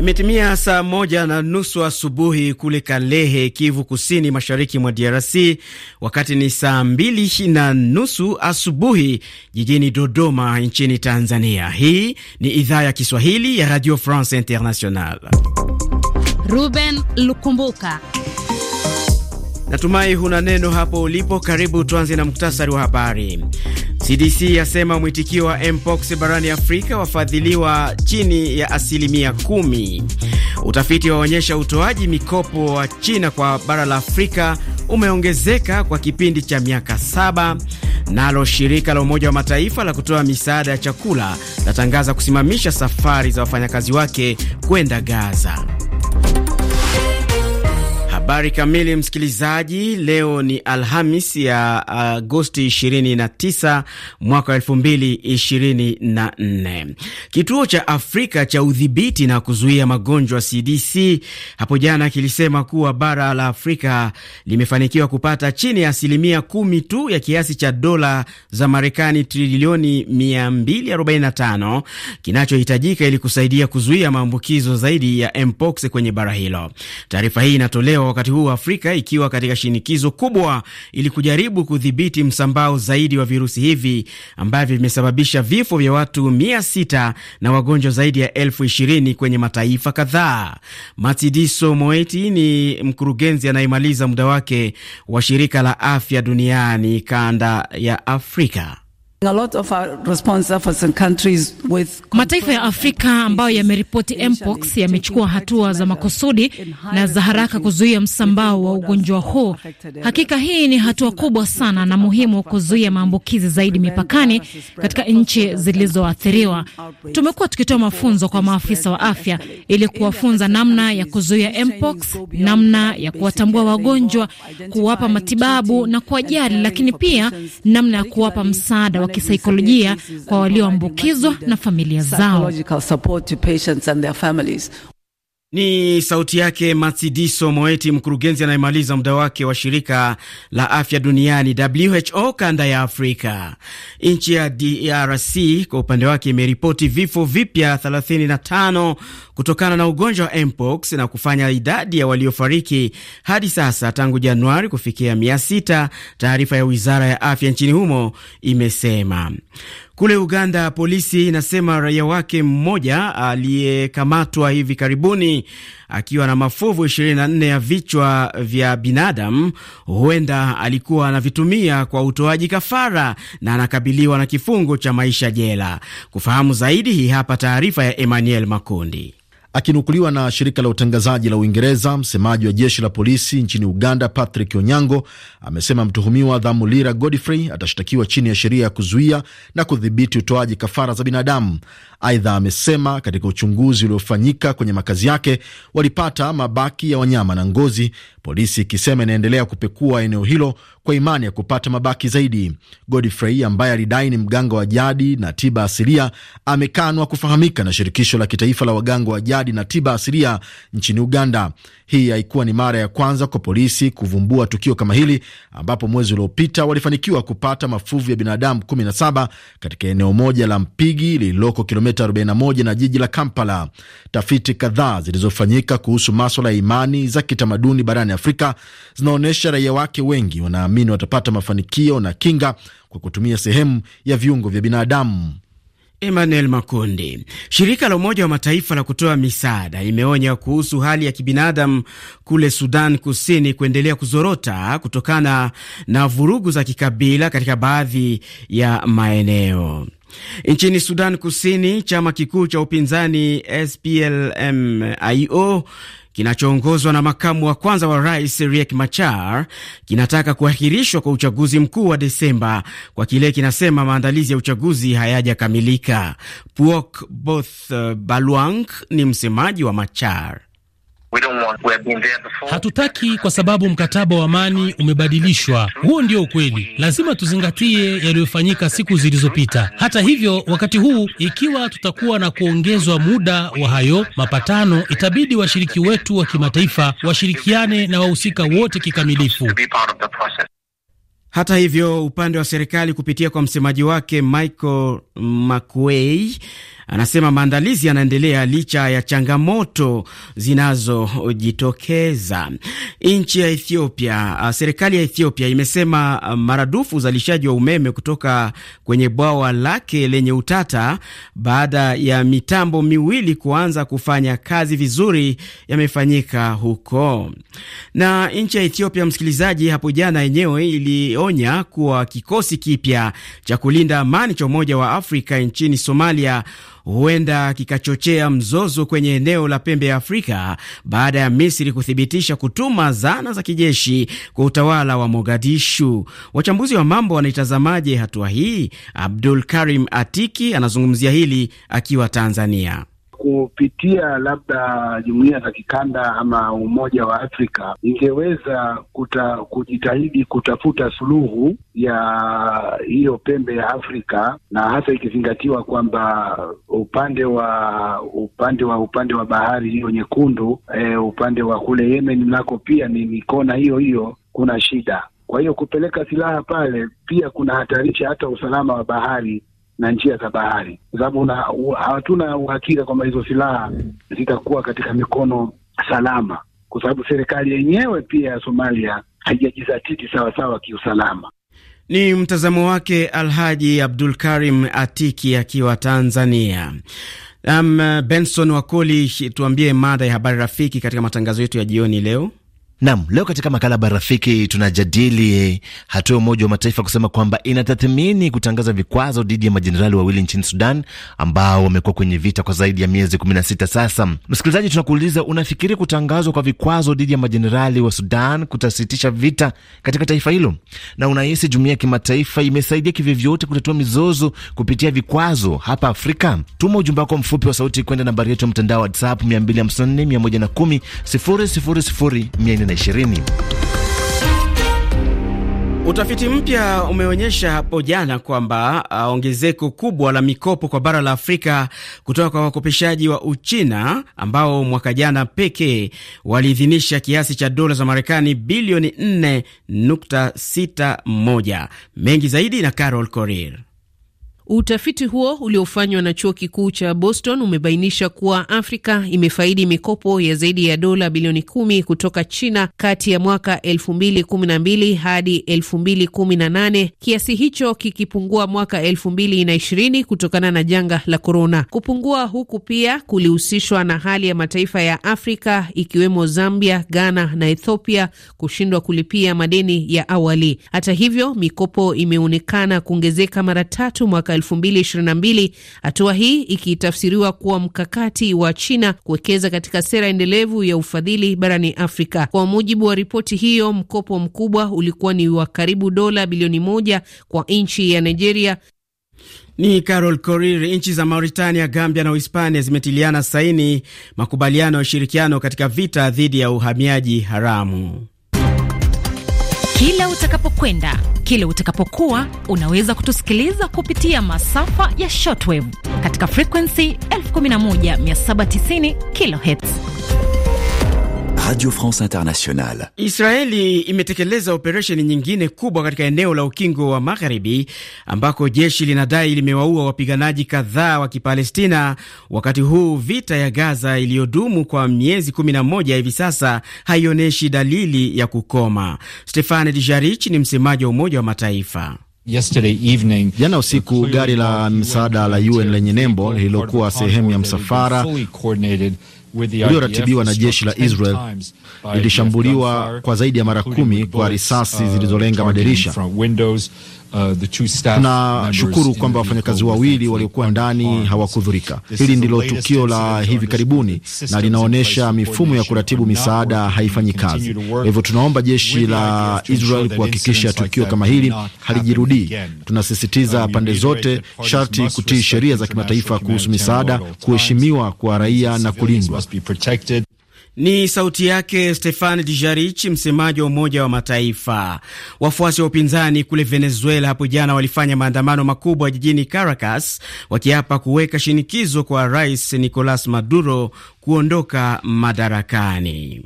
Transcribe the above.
Imetimia saa moja na nusu asubuhi kule Kalehe, Kivu Kusini, mashariki mwa DRC, wakati ni saa mbili na nusu asubuhi jijini Dodoma nchini Tanzania. Hii ni idhaa ya Kiswahili ya Radio France International. Ruben Lukumbuka Natumai huna neno hapo ulipo. Karibu tuanze na muktasari wa habari. CDC yasema mwitikio wa mpox barani Afrika wafadhiliwa chini ya asilimia kumi. Utafiti waonyesha utoaji mikopo wa China kwa bara la Afrika umeongezeka kwa kipindi cha miaka saba. Nalo shirika la Umoja wa Mataifa la kutoa misaada ya chakula latangaza kusimamisha safari za wafanyakazi wake kwenda Gaza. Habari kamili, msikilizaji. Leo ni Alhamis ya Agosti 29 mwaka 2024. Kituo cha Afrika cha udhibiti na kuzuia magonjwa CDC hapo jana kilisema kuwa bara la Afrika limefanikiwa kupata chini ya asilimia kumi tu ya kiasi cha dola za Marekani trilioni 245 kinachohitajika ili kusaidia kuzuia maambukizo zaidi ya mpox kwenye bara hilo. Taarifa hii inatolewa wakati huu Afrika ikiwa katika shinikizo kubwa ili kujaribu kudhibiti msambao zaidi wa virusi hivi ambavyo vimesababisha vifo vya watu 6 na wagonjwa zaidi ya elfu kwenye mataifa kadhaa. Matidiso Moeti ni mkurugenzi anayemaliza muda wake wa shirika la afya duniani kanda ya Afrika. Mataifa ya Afrika ambayo yameripoti mpox yamechukua hatua za makusudi na za haraka kuzuia msambao wa ugonjwa huu. Hakika hii ni hatua kubwa sana na muhimu kuzuia maambukizi zaidi mipakani katika nchi zilizoathiriwa. Tumekuwa tukitoa mafunzo kwa maafisa wa afya ili kuwafunza namna ya kuzuia mpox, namna ya kuwatambua wagonjwa, kuwapa matibabu na kuwajali, lakini pia namna ya kuwapa msaada kisaikolojia kwa walioambukizwa na familia zao. Ni sauti yake Matsidiso Moeti, mkurugenzi anayemaliza muda wake wa shirika la afya duniani WHO kanda ya Afrika. Nchi ya DRC kwa upande wake imeripoti vifo vipya 35 kutokana na ugonjwa wa mpox na kufanya idadi ya waliofariki hadi sasa tangu Januari kufikia 600, taarifa ya wizara ya afya nchini humo imesema. Kule Uganda polisi inasema raia wake mmoja aliyekamatwa hivi karibuni akiwa na mafuvu 24 ya vichwa vya binadamu huenda alikuwa anavitumia kwa utoaji kafara na anakabiliwa na kifungo cha maisha jela. Kufahamu zaidi, hii hapa taarifa ya Emmanuel Makundi. Akinukuliwa na shirika la utangazaji la Uingereza, msemaji wa jeshi la polisi nchini Uganda, Patrick Onyango, amesema mtuhumiwa Dhamulira Godfrey atashtakiwa chini ya sheria ya kuzuia na kudhibiti utoaji kafara za binadamu. Aidha, amesema katika uchunguzi uliofanyika kwenye makazi yake walipata mabaki ya wanyama na ngozi, polisi ikisema inaendelea kupekua eneo hilo kwa imani ya kupata mabaki zaidi. Godfrey ambaye alidai ni mganga wa jadi na tiba asilia amekanwa kufahamika na shirikisho la kitaifa la waganga wa jadi jadi na tiba asilia nchini Uganda. Hii haikuwa ni mara ya kwanza kwa polisi kuvumbua tukio kama hili, ambapo mwezi uliopita walifanikiwa kupata mafuvu ya binadamu 17 katika eneo moja la Mpigi lililoko kilomita 41 na jiji la Kampala. Tafiti kadhaa zilizofanyika kuhusu maswala ya imani za kitamaduni barani Afrika zinaonyesha raia wake wengi wanaamini watapata mafanikio na kinga kwa kutumia sehemu ya viungo vya binadamu. Emmanuel Makundi. Shirika la Umoja wa Mataifa la kutoa misaada limeonya kuhusu hali ya kibinadamu kule Sudan Kusini kuendelea kuzorota kutokana na vurugu za kikabila katika baadhi ya maeneo. Nchini Sudan Kusini, chama kikuu cha upinzani SPLM-IO kinachoongozwa na makamu wa kwanza wa rais Riek Machar kinataka kuahirishwa kwa uchaguzi mkuu wa Desemba kwa kile kinasema maandalizi ya uchaguzi hayajakamilika. Puok Both eh, Baluang ni msemaji wa Machar. Hatutaki kwa sababu mkataba wa amani umebadilishwa. Huo ndio ukweli, lazima tuzingatie yaliyofanyika siku zilizopita. Hata hivyo, wakati huu ikiwa tutakuwa na kuongezwa muda wa hayo mapatano, itabidi washiriki wetu wa kimataifa washirikiane na wahusika wote kikamilifu. Hata hivyo, upande wa serikali kupitia kwa msemaji wake Michael Makuei Anasema maandalizi yanaendelea licha ya changamoto zinazojitokeza. Nchi ya Ethiopia, uh, serikali ya Ethiopia imesema uh, maradufu uzalishaji wa umeme kutoka kwenye bwawa lake lenye utata baada ya mitambo miwili kuanza kufanya kazi vizuri yamefanyika huko. Na nchi ya Ethiopia, msikilizaji, hapo jana yenyewe ilionya kuwa kikosi kipya cha kulinda amani cha Umoja wa Afrika nchini Somalia huenda kikachochea mzozo kwenye eneo la pembe ya Afrika baada ya Misri kuthibitisha kutuma zana za kijeshi kwa utawala wa Mogadishu. Wachambuzi wa mambo wanaitazamaje hatua hii? Abdul Karim Atiki anazungumzia hili akiwa Tanzania kupitia labda jumuiya za kikanda ama Umoja wa Afrika ingeweza kuta, kujitahidi kutafuta suluhu ya hiyo pembe ya Afrika, na hasa ikizingatiwa kwamba upande wa upande wa upande wa bahari hiyo nyekundu e, upande wa kule Yemen nako pia ni mikona hiyo hiyo, kuna shida. Kwa hiyo kupeleka silaha pale pia kunahatarisha hata usalama wa bahari na njia za bahari, kwa sababu hatuna uhakika kwamba hizo silaha zitakuwa katika mikono salama, kwa sababu serikali yenyewe pia ya Somalia haijajizatiti sawasawa kiusalama. Ni mtazamo wake Alhaji Abdul Karim Atiki akiwa Tanzania. Um, Benson Wakoli, tuambie mada ya habari rafiki katika matangazo yetu ya jioni leo. Nam, leo katika makala Bara Rafiki tunajadili hatua ya Umoja wa Mataifa kusema kwamba inatathmini kutangaza vikwazo dhidi ya majenerali wawili nchini Sudan ambao wamekuwa kwenye vita kwa zaidi ya miezi 16 sasa. Msikilizaji, tunakuuliza, unafikiri kutangazwa kwa vikwazo dhidi ya majenerali wa Sudan kutasitisha vita katika taifa hilo, na unahisi jumuiya ya kimataifa imesaidia kivyovyote kutatua mizozo kupitia vikwazo hapa Afrika? Tuma ujumbe wako mfupi wa sauti kwenda nambari yetu ya mtandao wa WhatsApp 254 110 000 4 Utafiti mpya umeonyesha hapo jana kwamba uh, ongezeko kubwa la mikopo kwa bara la Afrika kutoka kwa wakopeshaji wa Uchina ambao mwaka jana pekee waliidhinisha kiasi cha dola za Marekani bilioni 4.61. Mengi zaidi na Carol Korir. Utafiti huo uliofanywa na chuo kikuu cha Boston umebainisha kuwa Afrika imefaidi mikopo ya zaidi ya dola bilioni kumi kutoka China kati ya mwaka elfu mbili kumi na mbili hadi elfu mbili kumi na nane kiasi hicho kikipungua mwaka elfu mbili na ishirini kutokana na janga la korona. Kupungua huku pia kulihusishwa na hali ya mataifa ya Afrika ikiwemo Zambia, Ghana na Ethiopia kushindwa kulipia madeni ya awali. Hata hivyo, mikopo imeonekana kuongezeka mara tatu mwaka 2022, hatua hii ikitafsiriwa kuwa mkakati wa China kuwekeza katika sera endelevu ya ufadhili barani Afrika. Kwa mujibu wa ripoti hiyo, mkopo mkubwa ulikuwa ni wa karibu dola bilioni moja kwa nchi ya Nigeria. Ni Carol Korir. Nchi za Mauritania, Gambia na Uhispania zimetiliana saini makubaliano ya ushirikiano katika vita dhidi ya uhamiaji haramu. Kila utakapokwenda, kila utakapokuwa, unaweza kutusikiliza kupitia masafa ya shortwave katika frequency 11790 kilohertz. Radio France Internationale. Israeli imetekeleza operesheni nyingine kubwa katika eneo la ukingo wa Magharibi ambako jeshi linadai limewaua wapiganaji kadhaa wa Kipalestina, wakati huu vita ya Gaza iliyodumu kwa miezi 11 hivi sasa haionyeshi dalili ya kukoma. Stefane Dijarich ni msemaji wa Umoja wa Mataifa. Evening, jana usiku gari la msaada la UN lenye nembo lililokuwa sehemu ya msafara ulioratibiwa na jeshi la Israel ilishambuliwa kwa zaidi ya mara kumi kwa risasi uh, zilizolenga madirisha Uh, Tunashukuru kwamba wafanyakazi wawili waliokuwa ndani hawakudhurika. Hili ndilo tukio la hivi karibuni na linaonyesha mifumo ya kuratibu misaada haifanyi kazi. Kwa hivyo tunaomba jeshi la Israel kuhakikisha tukio kama hili halijirudii. Tunasisitiza uh, pande zote sharti kutii sheria za kimataifa kuhusu misaada, kuheshimiwa kwa raia na kulindwa. Ni sauti yake Stefan Dijarich, msemaji wa Umoja wa Mataifa. Wafuasi wa upinzani kule Venezuela hapo jana walifanya maandamano makubwa jijini Caracas, wakiapa kuweka shinikizo kwa Rais Nicolas Maduro kuondoka madarakani.